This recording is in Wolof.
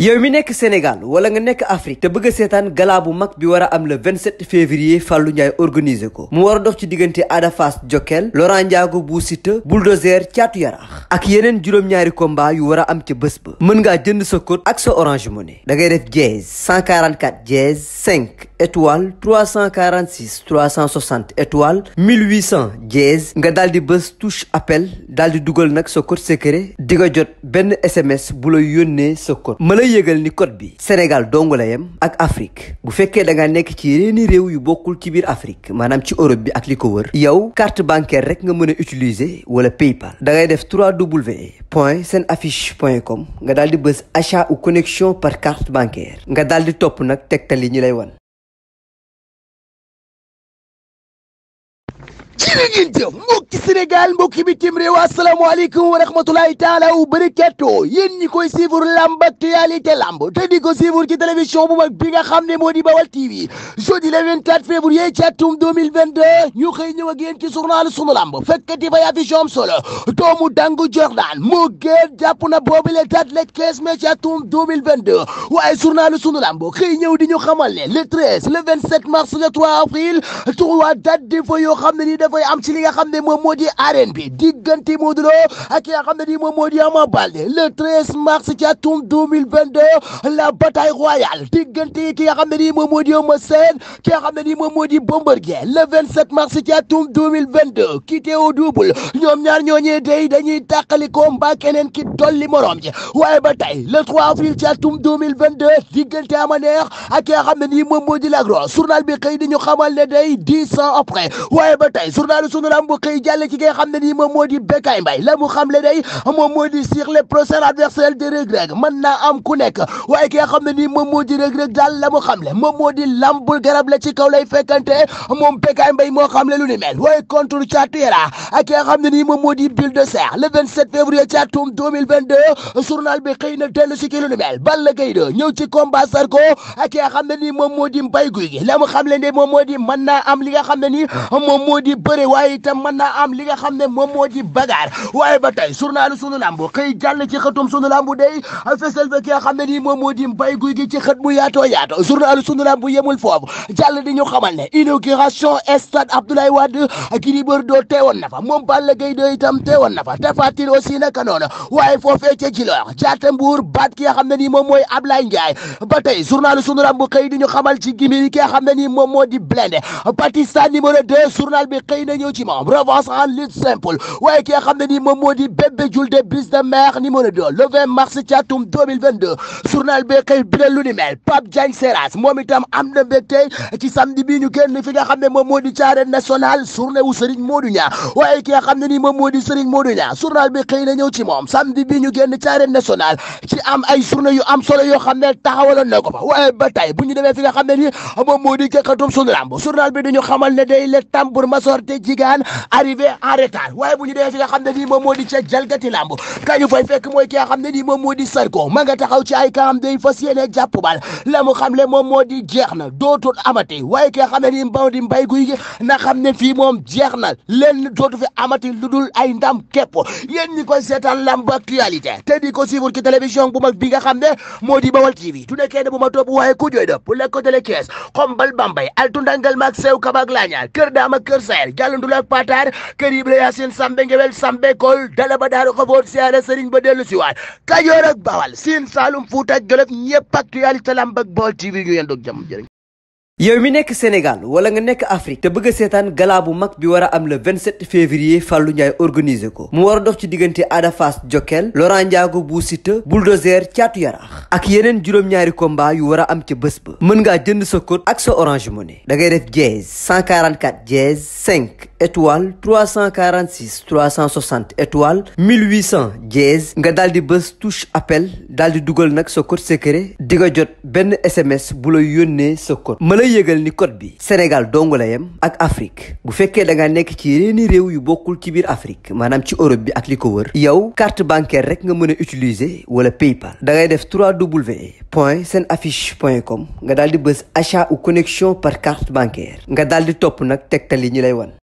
yow mi nekk Sénégal wala nga nekk Afrique te bëgg seetaan galaa bu mag bi war a am le 27 février Fallou Ndiaye organisé ko mu war a dox ci diggante Ada Fass Jokkel Laurent Ndiago bu Siteu Bulldozer Caatu Yaraax ak yeneen juróom-ñaari combat yu war a am ca bés ba mën ngaa jënd sa code ak sa Orange Money da ngay def dièse 144 dièse 5 étoile 346 360 étoile 1800 dièse nga daal di bés touche appel daal di dugal nag sa code secret di nga jot benn SMS bu la yónnee sa code lay yëgal ni code bi Sénégal dong la yem ak Afrique bu fekkee da nga nekk ci yeneeni réew yu bokkul ci biir Afrique maanaam ci Europe bi ak li ko wër yow carte bancaire rek nga mën a utiliser wala Paypal da ngay def 3w point seen affiche point comme nga daal di bës achat ou connexion par carte bancaire nga daal di topp nag tegtal yi ñu lay wan jërë ngeen jëf mbokki Sénégal mbokki bitim réew asalaamaaleykum wa rahmatulahi taala wa barakaatu yéen ñi koy suivre lamb actualité lamb te di ko suivre ci télévision bu mag bi nga xam ne moo di Bawal TV jeudi le 24 février ci atum 2022 ñu xëy ñëw ak yéen ci journal sunu lamb fekkati fay affiche am solo doomu dangu Jordan moo gën jàpp na le date le 15 ci atum waaye journal sunu lamb xëy ñëw di ñu xamal ne le 13 le 27 mars le trois dates di mooy am ci li nga xam ne moom moo di arène bi diggante Modou Lo ak ki nga xam ne nii moom moo di Ama Baldé le mars ci atum la bataille royale diggante ki nga ne nii moom moo di Eumeu Sène ki nga xam ne nii moom moo di Bombardier le 27 mars ci atum 2022 ki ñoom ñaar ñooñee day dañuy tàqalikoo mbaa keneen ki dolli morom ji waaye ba tey le 3 avril ci atum 2022 diggante Ama Neex ak ki nga xam ne nii moom moo di Lac Rose bi xëy di xamal ne day dix ans après waaye ba journalu sunu lamb xëy jàll ci nga xam ne la mu am ku nekk waaye ci kaw xam ne nii moom moo di Bulldozer la mu xam le ne moom moo di naa am li xam ne nii moom moo di bëre waaye itam mën naa am li nga xam ne moom moo di bagaar waaye ba tey journalu sunu lambu xëy jàll ci xëtum sunu lambu day fesal ba ki nga xam ne nii moom moo di mbay guy gi ci xët bu yaatoo yaato journalu sunu lambu yemul foofu jàll di ñu xamal ne inauguration stade Abdoulaye Wade Gris Bordeaux a na fa moom Balla Gaye do itam teewoon na fa Tapha Tine aussi naka noonu waaye foofee ca Djilor jaata Mbuur baat ki nga xam ne nii ba tey journalu sunu lambu xëy di ñu xamal ci gimi ki a xam ne nii moom moo di blende Batista numéro 2 journal dina ñëw ci moom revanche en lutte simple waaye ki a xam ne nii moom moo di bébé julde brise de mer numéro 2 mars ci atum 2022 journal bi xëy lu ni mel Pape Diagne Seras moom itam am na mbégte ci samedi bii ñu génn fi nga xam ne moom caare national journée wu Serigne Modou Niang waaye moom moo di bi xëy na ñëw caare national ci am ay journée yu am solo yoo xam ne taxawaloon na ko fa waaye ba bu ñu demee fi xam ne nii moom moo di sunu lamb journal bi dañu xamal jigaan arrivé en retard waaye bu ñu demee fi nga xam ne nii moom moo di ca jalgati lamb kañu fay fekk mooy ki nga xam ne nii moom moo di Zarko ko nga taxaw ci ay kanam day fas yéene jàpp bal la xam le moom moo di jeex na dootu amati waaye ki xam ne nii mbaw di mbay guy gi na xam ne fii moom jeex na lenn dootu fi amati lu dul ay ndam képp yéen ñi koy seetaan lamb actualité te di ko suivre ci télévision bu mag bi nga xam ne moo di Bawal TV du nekkee ne bu ma topp waaye ku jooy dëpp le côté le kees xombal bambay altundangal maag sew kabak laañaar kër daama kër sayel ndulaak patar kër Ibra Yaasin sambe ngewel sambe kol dala ba daaru xafoor siyaare sëriñ ba dellu si waat Kajoor ak Bawal Siin Saalum Fuuta ak Jolof ñëpp actualité lamb ak Baol TV ñu yendoog jàmm jërëjëf yow mi nekk Sénégal wala nga nekk Afrique te bëgg seetaan galaa bu mag bi war a am le 27 février Fallou Ndiaye organisé ko mu war a dox ci diggante Ada Fass Jokkel Laurent Ndiago Bou Siteu Bulldozer Caatu Yaraax ak yeneen juróom-ñaari combat yu war a am ca bés ba mën ngaa jënd sa code ak sa Orange Money da ngay def dièse 144 dièse 5 étoile 346 360 étoile 1800 dièse nga daal di bés touche appel daal di dugal nag sa code secret di nga jot benn SMS bu la yónnee sa code lay yëgal ni code bi Sénégal dong la yem ak Afrique bu fekkee da nga nekk ci yeneeni réew yu bokkul ci biir Afrique maanaam ci Europe bi ak li ko wër yow carte bancaire rek nga mën a utiliser wala PayPal dangay ngay def 3w point seen affiche point com nga daal di bës achat ou connexion par carte bancaire nga daal di topp nag tegtal yi ñu lay wan